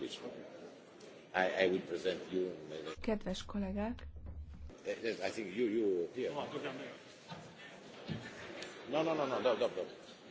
which I, I will present you. Kedves kollégák! Eh, I think you, you here. No, no, no, no, no, no, no.